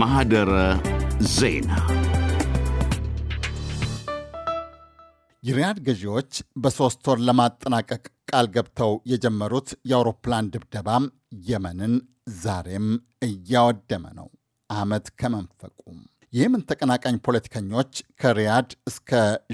ማህደረ ዜና የሪያድ ገዢዎች በሦስት ወር ለማጠናቀቅ ቃል ገብተው የጀመሩት የአውሮፕላን ድብደባ የመንን ዛሬም እያወደመ ነው ዓመት ከመንፈቁም የየመን ተቀናቃኝ ፖለቲከኞች ከሪያድ እስከ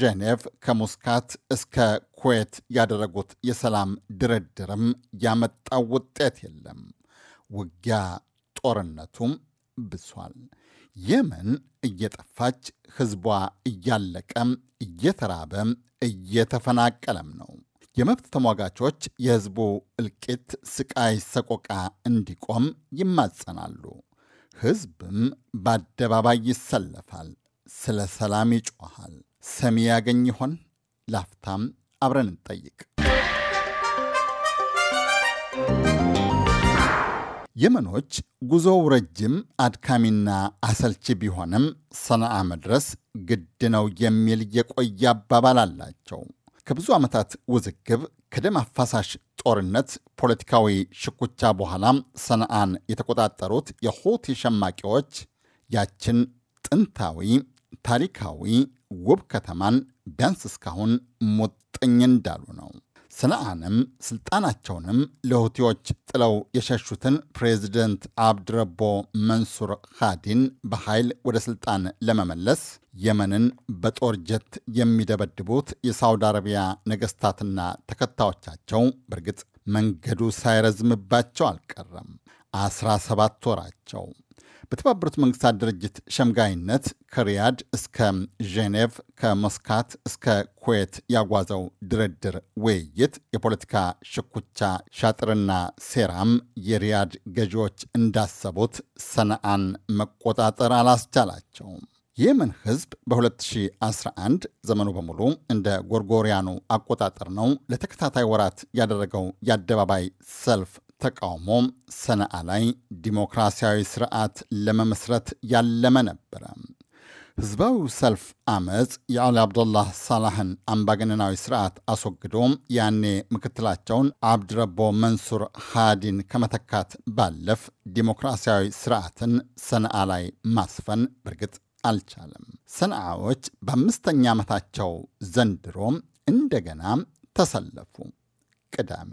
ዤኔቭ ከሙስካት እስከ ኩዌት ያደረጉት የሰላም ድርድርም ያመጣው ውጤት የለም። ውጊያ ጦርነቱም ብሷል። የመን እየጠፋች ህዝቧ እያለቀም እየተራበም እየተፈናቀለም ነው። የመብት ተሟጋቾች የህዝቡ እልቂት፣ ስቃይ፣ ሰቆቃ እንዲቆም ይማጸናሉ። ሕዝብም በአደባባይ ይሰለፋል፣ ስለ ሰላም ይጮኋል። ሰሚ ያገኝ ይሆን? ላፍታም አብረን እንጠይቅ። የመኖች ጉዞው ረጅም አድካሚና አሰልቺ ቢሆንም ሰነአ መድረስ ግድ ነው የሚል የቆየ አባባል አላቸው። ከብዙ ዓመታት ውዝግብ ከደም አፋሳሽ ጦርነት ፖለቲካዊ ሽኩቻ በኋላ ሰንዓን የተቆጣጠሩት የሁቲ ሸማቂዎች ያችን ጥንታዊ ታሪካዊ ውብ ከተማን ቢያንስ እስካሁን ሙጥኝ እንዳሉ ነው። ስነአንም ስልጣናቸውንም ለሁቲዎች ጥለው የሸሹትን ፕሬዚደንት አብድረቦ መንሱር ሃዲን በኃይል ወደ ስልጣን ለመመለስ የመንን በጦር ጀት የሚደበድቡት የሳውዲ አረቢያ ነገስታትና ተከታዮቻቸው በእርግጥ መንገዱ ሳይረዝምባቸው አልቀረም። አስራ ሰባት ወራቸው በተባበሩት መንግስታት ድርጅት ሸምጋይነት ከሪያድ እስከ ዤኔቭ ከሞስካት እስከ ኩዌት ያጓዘው ድርድር፣ ውይይት፣ የፖለቲካ ሽኩቻ፣ ሻጥርና ሴራም የሪያድ ገዢዎች እንዳሰቡት ሰነአን መቆጣጠር አላስቻላቸውም። የየመን ህዝብ በ2011 ዘመኑ በሙሉ እንደ ጎርጎሪያኑ አቆጣጠር ነው ለተከታታይ ወራት ያደረገው የአደባባይ ሰልፍ ተቃውሞ ሰነአ ላይ ዲሞክራሲያዊ ስርዓት ለመመስረት ያለመ ነበረ። ህዝባዊ ሰልፍ አመፅ የአሊ አብዱላህ ሳላህን አምባገነናዊ ስርዓት አስወግዶ ያኔ ምክትላቸውን አብድረቦ መንሱር ሃዲን ከመተካት ባለፍ ዲሞክራሲያዊ ስርዓትን ሰነአ ላይ ማስፈን በርግጥ አልቻለም። ሰነአዎች በአምስተኛ ዓመታቸው ዘንድሮ እንደገና ተሰለፉ ቅዳሜ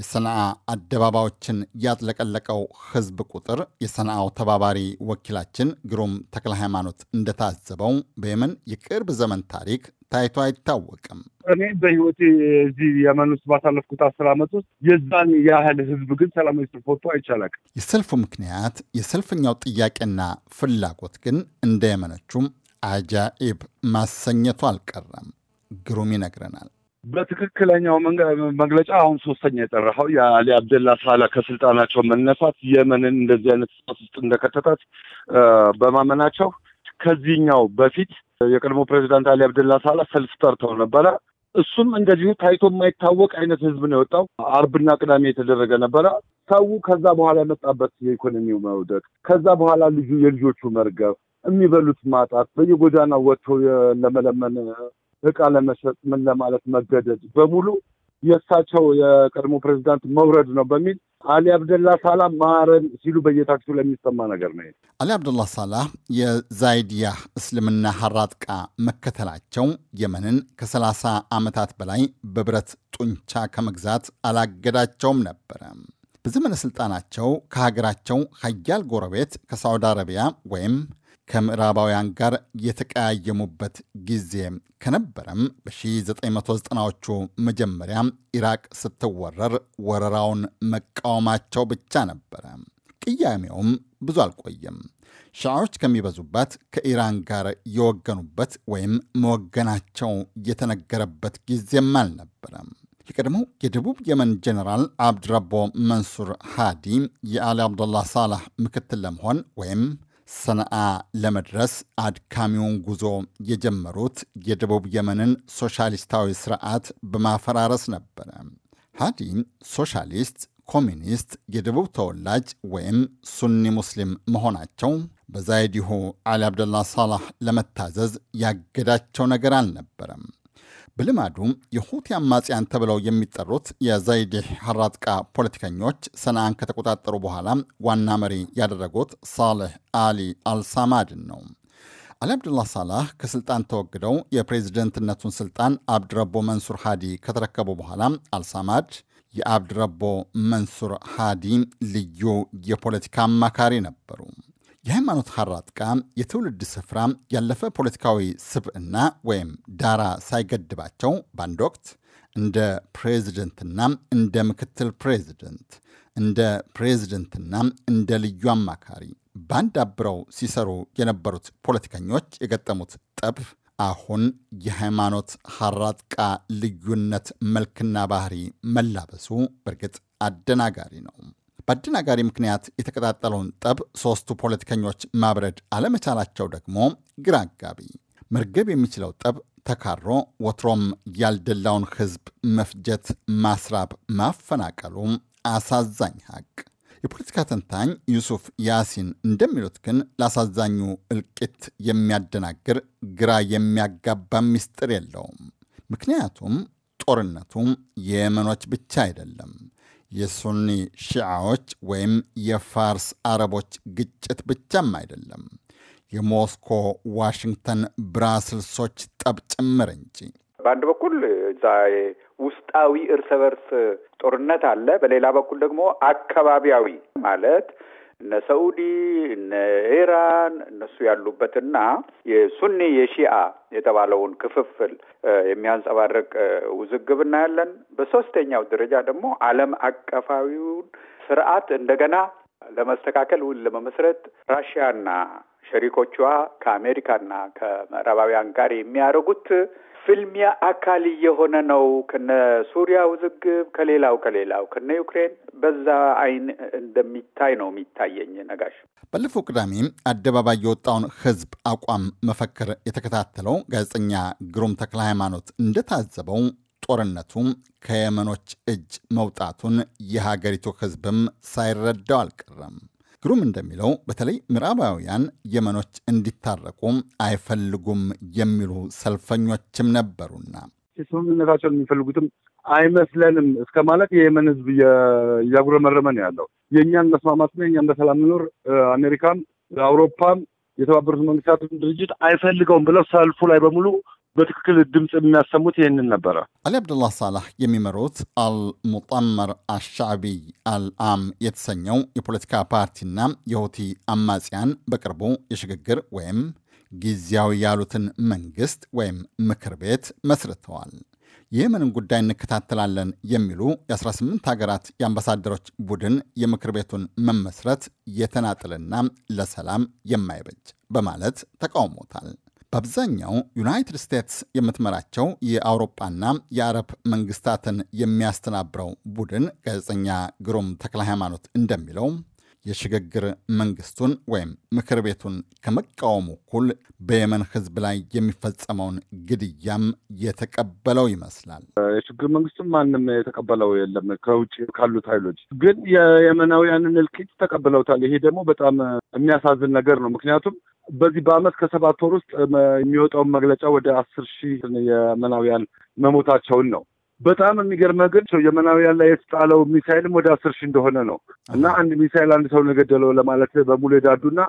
የሰንዓ አደባባዮችን ያጥለቀለቀው ህዝብ ቁጥር የሰንዓው ተባባሪ ወኪላችን ግሩም ተክለ ሃይማኖት እንደታዘበው በየመን የቅርብ ዘመን ታሪክ ታይቶ አይታወቅም። እኔ በህይወቴ እዚህ የመን ውስጥ ባሳለፍኩት አስር አመት ውስጥ የዛን ያህል ህዝብ ግን ሰላማዊ ሰልፍ ወጥቶ አይቻላቅ። የሰልፉ ምክንያት የሰልፈኛው ጥያቄና ፍላጎት ግን እንደ የመኖቹም አጃኢብ ማሰኘቱ አልቀረም። ግሩም ይነግረናል። በትክክለኛው መግለጫ አሁን ሶስተኛ የጠራኸው የአሊ አብደላ ሳላ ከስልጣናቸው መነሳት የመንን እንደዚህ አይነት ስፋት ውስጥ እንደከተታት በማመናቸው ከዚህኛው በፊት የቀድሞ ፕሬዚዳንት አሊ አብደላ ሳላ ሰልፍ ጠርተው ነበረ። እሱም እንደዚሁ ታይቶ የማይታወቅ አይነት ህዝብ ነው የወጣው። አርብና ቅዳሜ የተደረገ ነበረ። ሰው ከዛ በኋላ የመጣበት የኢኮኖሚው መውደቅ፣ ከዛ በኋላ ልጁ የልጆቹ መርገብ፣ የሚበሉት ማጣት፣ በየጎዳናው ወጥቶ ለመለመን እቃ ለመሸጥ ምን ለማለት መገደድ በሙሉ የእሳቸው የቀድሞ ፕሬዚዳንት መውረድ ነው በሚል አሊ አብደላ ሳላህ ማረን ሲሉ በየታክሲው ለሚሰማ ነገር ነው። አሊ አብደላ ሳላህ የዛይድያ እስልምና ሀራጥቃ መከተላቸው የመንን ከሰላሳ ዓመታት በላይ በብረት ጡንቻ ከመግዛት አላገዳቸውም ነበረ። በዘመነ ሥልጣናቸው ከሀገራቸው ሀያል ጎረቤት ከሳዑዲ አረቢያ ወይም ከምዕራባውያን ጋር የተቀያየሙበት ጊዜ ከነበረም በ1990ዎቹ መጀመሪያ ኢራቅ ስትወረር ወረራውን መቃወማቸው ብቻ ነበረ። ቅያሜውም ብዙ አልቆየም። ሻዎች ከሚበዙበት ከኢራን ጋር የወገኑበት ወይም መወገናቸው የተነገረበት ጊዜም አልነበረም። የቀድሞው የደቡብ የመን ጀኔራል አብድረቦ መንሱር ሃዲ የአሊ አብዱላህ ሳላህ ምክትል ለመሆን ወይም ሰነአ ለመድረስ አድካሚውን ጉዞ የጀመሩት የደቡብ የመንን ሶሻሊስታዊ ስርዓት በማፈራረስ ነበረ። ሃዲ ሶሻሊስት፣ ኮሚኒስት፣ የደቡብ ተወላጅ ወይም ሱኒ ሙስሊም መሆናቸው በዛይዲሁ አሊ አብደላ ሳላህ ለመታዘዝ ያገዳቸው ነገር አልነበረም። በልማዱ የሁቲ አማጽያን ተብለው የሚጠሩት የዘይድ ሐራጥቃ ፖለቲከኞች ሰንዓን ከተቆጣጠሩ በኋላ ዋና መሪ ያደረጉት ሳልህ አሊ አልሳማድን ነው። አሊ አብዱላህ ሳላህ ከስልጣን ተወግደው የፕሬዝደንትነቱን ስልጣን አብድረቦ መንሱር ሃዲ ከተረከቡ በኋላ አልሳማድ የአብድረቦ መንሱር ሃዲ ልዩ የፖለቲካ አማካሪ ነበሩ። የሃይማኖት ሐራጥቃ የትውልድ ስፍራ ያለፈ ፖለቲካዊ ስብዕና ወይም ዳራ ሳይገድባቸው በአንድ ወቅት እንደ ፕሬዝደንትና እንደ ምክትል ፕሬዝደንት እንደ ፕሬዝደንትና እንደ ልዩ አማካሪ በአንድ አብረው ሲሰሩ የነበሩት ፖለቲከኞች የገጠሙት ጠብ አሁን የሃይማኖት ሐራጥቃ ልዩነት መልክና ባህሪ መላበሱ በእርግጥ አደናጋሪ ነው። በአደናጋሪ ምክንያት የተቀጣጠለውን ጠብ ሦስቱ ፖለቲከኞች ማብረድ አለመቻላቸው ደግሞ ግራ አጋቢ። መርገብ የሚችለው ጠብ ተካሮ ወትሮም ያልደላውን ሕዝብ መፍጀት፣ ማስራብ፣ ማፈናቀሉ አሳዛኝ ሀቅ። የፖለቲካ ተንታኝ ዩሱፍ ያሲን እንደሚሉት ግን ለአሳዛኙ እልቂት የሚያደናግር ግራ የሚያጋባ ምስጢር የለውም። ምክንያቱም ጦርነቱ የየመኖች ብቻ አይደለም። የሱኒ ሺዓዎች ወይም የፋርስ አረቦች ግጭት ብቻም አይደለም፣ የሞስኮ ዋሽንግተን፣ ብራስልሶች ጠብ ጭምር እንጂ። በአንድ በኩል እዛ ውስጣዊ እርስ በርስ ጦርነት አለ። በሌላ በኩል ደግሞ አካባቢያዊ ማለት እነ ሰዑዲ፣ እነ ኢራን እነሱ ያሉበትና የሱኒ የሺአ የተባለውን ክፍፍል የሚያንጸባርቅ ውዝግብ እናያለን። በሶስተኛው ደረጃ ደግሞ ዓለም አቀፋዊውን ስርዓት እንደገና ለመስተካከል ውል ለመመስረት ራሽያና ሸሪኮቿ ከአሜሪካና ከምዕራባውያን ጋር የሚያደርጉት ፍልሚያ አካል እየሆነ ነው። ከነ ሱሪያ ውዝግብ ከሌላው ከሌላው ከነ ዩክሬን በዛ አይን እንደሚታይ ነው የሚታየኝ። ነጋሽ ባለፈው ቅዳሜ አደባባይ የወጣውን ህዝብ አቋም መፈክር የተከታተለው ጋዜጠኛ ግሩም ተክለ ሃይማኖት እንደታዘበው ጦርነቱ ከየመኖች እጅ መውጣቱን የሀገሪቱ ህዝብም ሳይረዳው አልቀረም። ግሩም እንደሚለው በተለይ ምዕራባውያን የመኖች እንዲታረቁ አይፈልጉም የሚሉ ሰልፈኞችም ነበሩና ስምምነታቸውን የሚፈልጉትም አይመስለንም እስከ ማለት የየመን ህዝብ እያጉረመረመ ነው ያለው። የእኛን መስማማትና የእኛን በሰላም መኖር አሜሪካም፣ አውሮፓም የተባበሩት መንግስታት ድርጅት አይፈልገውም ብለው ሰልፉ ላይ በሙሉ በትክክል ድምፅ የሚያሰሙት ይህንን ነበረ። አሊ አብዱላህ ሳላህ የሚመሩት አልሙጠመር አሻዕቢ አልአም የተሰኘው የፖለቲካ ፓርቲና የሁቲ አማጽያን በቅርቡ የሽግግር ወይም ጊዜያዊ ያሉትን መንግስት ወይም ምክር ቤት መስርተዋል። የየመንን ጉዳይ እንከታተላለን የሚሉ የ18 ሀገራት የአምባሳደሮች ቡድን የምክር ቤቱን መመስረት የተናጥልና ለሰላም የማይበጅ በማለት ተቃውሞታል። በአብዛኛው ዩናይትድ ስቴትስ የምትመራቸው የአውሮፓና የአረብ መንግስታትን የሚያስተናብረው ቡድን ጋዜጠኛ ግሩም ተክለ ሃይማኖት እንደሚለው የሽግግር መንግስቱን ወይም ምክር ቤቱን ከመቃወሙ እኩል በየመን ህዝብ ላይ የሚፈጸመውን ግድያም የተቀበለው ይመስላል። የሽግግር መንግስቱን ማንም የተቀበለው የለም ከውጭ ካሉት ኃይሎች ግን የየመናውያንን እልቂት ተቀብለውታል። ይሄ ደግሞ በጣም የሚያሳዝን ነገር ነው። ምክንያቱም በዚህ በአመት ከሰባት ወር ውስጥ የሚወጣውን መግለጫ ወደ አስር ሺህ የመናውያን መሞታቸውን ነው። በጣም የሚገርመህ ግን የመናውያን ላይ የተጣለው ሚሳይልም ወደ አስር ሺህ እንደሆነ ነው እና አንድ ሚሳይል አንድ ሰው ነገደለው ለማለት በሙሉ የዳዱና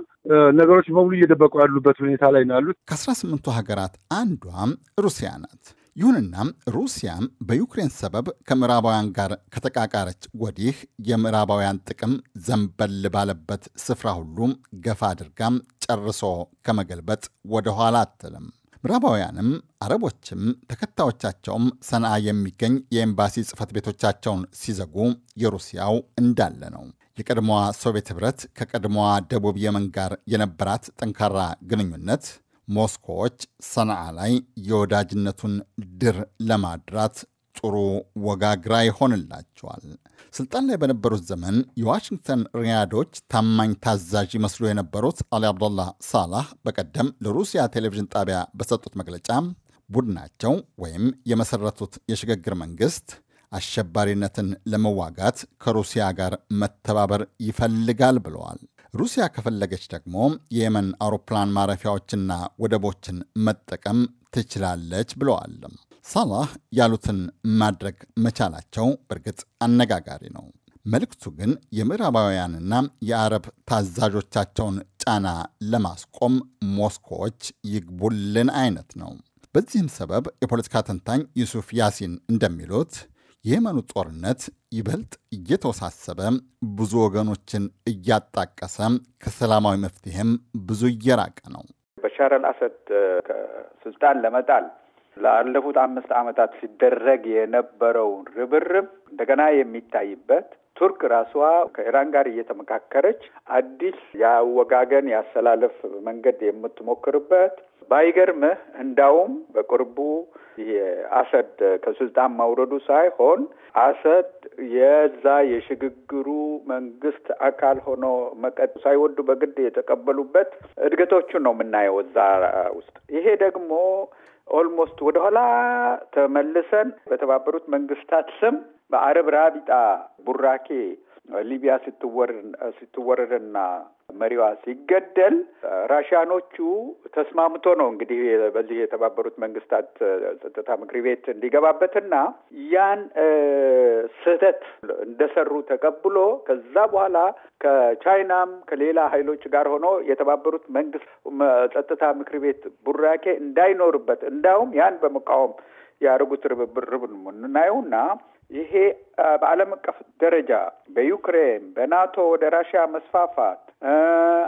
ነገሮች በሙሉ እየደበቁ ያሉበት ሁኔታ ላይ ነው ያሉት። ከአስራ ስምንቱ ሀገራት አንዷም ሩሲያ ናት። ይሁንና ሩሲያ በዩክሬን ሰበብ ከምዕራባውያን ጋር ከተቃቃረች ወዲህ የምዕራባውያን ጥቅም ዘንበል ባለበት ስፍራ ሁሉ ገፋ አድርጋም ጨርሶ ከመገልበጥ ወደኋላ አትልም። ምዕራባውያንም አረቦችም ተከታዮቻቸውም ሰንዓ የሚገኝ የኤምባሲ ጽፈት ቤቶቻቸውን ሲዘጉ የሩሲያው እንዳለ ነው። የቀድሞዋ ሶቪየት ኅብረት ከቀድሞዋ ደቡብ የመን ጋር የነበራት ጠንካራ ግንኙነት ሞስኮዎች ሰንዓ ላይ የወዳጅነቱን ድር ለማድራት ጥሩ ወጋግራ ይሆንላቸዋል። ስልጣን ላይ በነበሩት ዘመን የዋሽንግተን ሪያዶች ታማኝ ታዛዥ ይመስሉ የነበሩት አሊ አብዶላህ ሳላህ በቀደም ለሩሲያ ቴሌቪዥን ጣቢያ በሰጡት መግለጫ ቡድናቸው ወይም የመሰረቱት የሽግግር መንግስት አሸባሪነትን ለመዋጋት ከሩሲያ ጋር መተባበር ይፈልጋል ብለዋል። ሩሲያ ከፈለገች ደግሞ የየመን አውሮፕላን ማረፊያዎችና ወደቦችን መጠቀም ትችላለች ብለዋል። ሳላህ ያሉትን ማድረግ መቻላቸው በእርግጥ አነጋጋሪ ነው። መልእክቱ ግን የምዕራባውያንና የአረብ ታዛዦቻቸውን ጫና ለማስቆም ሞስኮዎች ይግቡልን አይነት ነው። በዚህም ሰበብ የፖለቲካ ተንታኝ ዩሱፍ ያሲን እንደሚሉት የየመኑ ጦርነት ይበልጥ እየተወሳሰበ ብዙ ወገኖችን እያጣቀሰ ከሰላማዊ መፍትሄም ብዙ እየራቀ ነው። በሻር አልአሰድ ከስልጣን ለመጣል ላለፉት አምስት ዓመታት ሲደረግ የነበረውን ርብርብ እንደገና የሚታይበት ቱርክ ራሷ ከኢራን ጋር እየተመካከረች አዲስ የአወጋገን ያሰላለፍ መንገድ የምትሞክርበት ባይገርምህ እንዳውም በቅርቡ የአሰድ ከስልጣን ማውረዱ ሳይሆን አሰድ የዛ የሽግግሩ መንግስት አካል ሆኖ መቀጥ ሳይወዱ በግድ የተቀበሉበት እድገቶቹን ነው የምናየው እዛ ውስጥ። ይሄ ደግሞ ኦልሞስት ወደኋላ ተመልሰን በተባበሩት መንግስታት ስም በአረብ ራቢጣ ቡራኬ ሊቢያ ስትወረድና መሪዋ ሲገደል ራሽያኖቹ ተስማምቶ ነው እንግዲህ በዚህ የተባበሩት መንግስታት ጸጥታ ምክር ቤት እንዲገባበትና ያን ስህተት እንደሰሩ ተቀብሎ ከዛ በኋላ ከቻይናም ከሌላ ሀይሎች ጋር ሆኖ የተባበሩት መንግስት ጸጥታ ምክር ቤት ቡራኬ እንዳይኖርበት እንዳውም ያን በመቃወም ያደርጉት ርብርብ የምናየውና ይሄ በዓለም አቀፍ ደረጃ በዩክሬን በናቶ ወደ ራሽያ መስፋፋት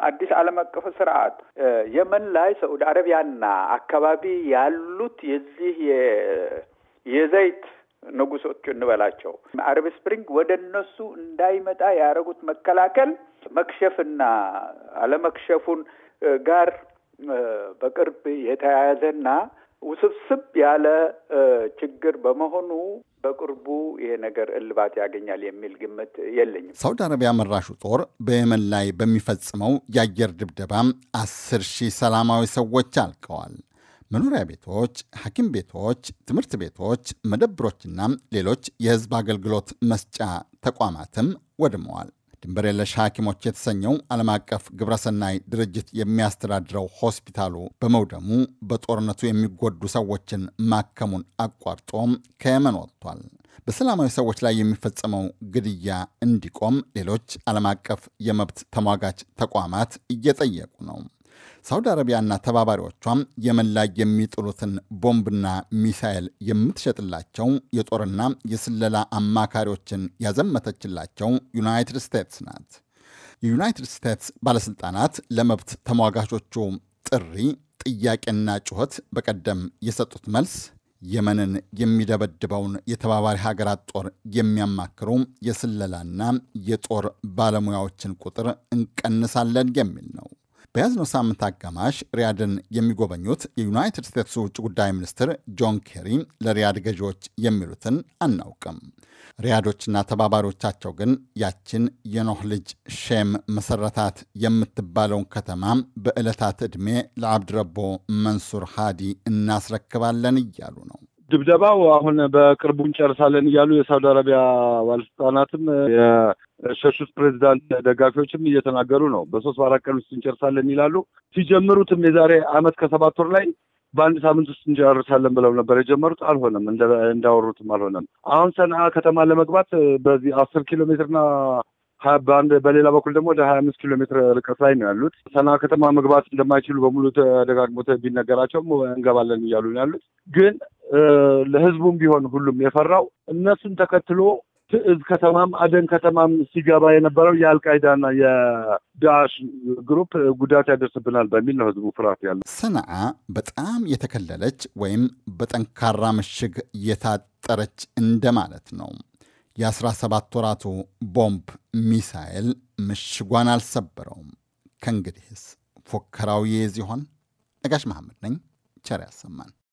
አዲስ ዓለም አቀፍ ስርዓት የመን ላይ ሰዑድ አረቢያና አካባቢ ያሉት የዚህ የዘይት ንጉሶቹ እንበላቸው አረብ ስፕሪንግ ወደ እነሱ እንዳይመጣ ያደረጉት መከላከል መክሸፍና አለመክሸፉን ጋር በቅርብ የተያያዘና ውስብስብ ያለ ችግር በመሆኑ በቅርቡ ይሄ ነገር እልባት ያገኛል የሚል ግምት የለኝም። ሳውዲ አረቢያ መራሹ ጦር በየመን ላይ በሚፈጽመው የአየር ድብደባ አስር ሺህ ሰላማዊ ሰዎች አልቀዋል። መኖሪያ ቤቶች፣ ሐኪም ቤቶች፣ ትምህርት ቤቶች፣ መደብሮችና ሌሎች የሕዝብ አገልግሎት መስጫ ተቋማትም ወድመዋል። ድንበር የለሽ ሐኪሞች የተሰኘው ዓለም አቀፍ ግብረሰናይ ድርጅት የሚያስተዳድረው ሆስፒታሉ በመውደሙ በጦርነቱ የሚጎዱ ሰዎችን ማከሙን አቋርጦም ከየመን ወጥቷል። በሰላማዊ ሰዎች ላይ የሚፈጸመው ግድያ እንዲቆም ሌሎች ዓለም አቀፍ የመብት ተሟጋች ተቋማት እየጠየቁ ነው። ሳውዲ አረቢያና ተባባሪዎቿም የመን ላይ የሚጥሉትን ቦምብና ሚሳኤል የምትሸጥላቸው የጦርና የስለላ አማካሪዎችን ያዘመተችላቸው ዩናይትድ ስቴትስ ናት። የዩናይትድ ስቴትስ ባለሥልጣናት ለመብት ተሟጋቾቹ ጥሪ፣ ጥያቄና ጩኸት በቀደም የሰጡት መልስ የመንን የሚደበድበውን የተባባሪ ሀገራት ጦር የሚያማክሩ የስለላና የጦር ባለሙያዎችን ቁጥር እንቀንሳለን የሚል ነው። በያዝነው ሳምንት አጋማሽ ሪያድን የሚጎበኙት የዩናይትድ ስቴትስ ውጭ ጉዳይ ሚኒስትር ጆን ኬሪ ለሪያድ ገዢዎች የሚሉትን አናውቅም። ሪያዶችና ተባባሪዎቻቸው ግን ያችን የኖህ ልጅ ሼም መሰረታት የምትባለውን ከተማ በዕለታት ዕድሜ ለአብድረቦ መንሱር ሃዲ እናስረክባለን እያሉ ነው። ድብደባው አሁን በቅርቡ እንጨርሳለን እያሉ የሳውዲ አረቢያ ባለስልጣናትም ሸሹት ፕሬዚዳንት ደጋፊዎችም እየተናገሩ ነው። በሶስት በአራት ቀን ውስጥ እንጨርሳለን ይላሉ። ሲጀምሩትም የዛሬ አመት ከሰባት ወር ላይ በአንድ ሳምንት ውስጥ እንጨርሳለን ብለው ነበር የጀመሩት። አልሆነም፣ እንዳወሩትም አልሆነም። አሁን ሰንአ ከተማ ለመግባት በዚህ አስር ኪሎ ሜትርና በአንድ በሌላ በኩል ደግሞ ወደ ሀያ አምስት ኪሎ ሜትር ርቀት ላይ ነው ያሉት። ሰና ከተማ መግባት እንደማይችሉ በሙሉ ተደጋግሞ ቢነገራቸውም እንገባለን እያሉ ነው ያሉት። ግን ለህዝቡም ቢሆን ሁሉም የፈራው እነሱን ተከትሎ ትዕዝ ከተማም አደን ከተማም ሲገባ የነበረው የአልቃይዳና የዳሽ ግሩፕ ጉዳት ያደርስብናል በሚል ነው ህዝቡ ፍርሃት ያለ። ሰንዓ በጣም የተከለለች ወይም በጠንካራ ምሽግ የታጠረች እንደማለት ነው። የ17 ወራቱ ቦምብ ሚሳኤል ምሽጓን አልሰበረውም። ከእንግዲህስ ፎከራው ይይዝ ይሆን? ነጋሽ መሐመድ ነኝ። ቸር ያሰማን።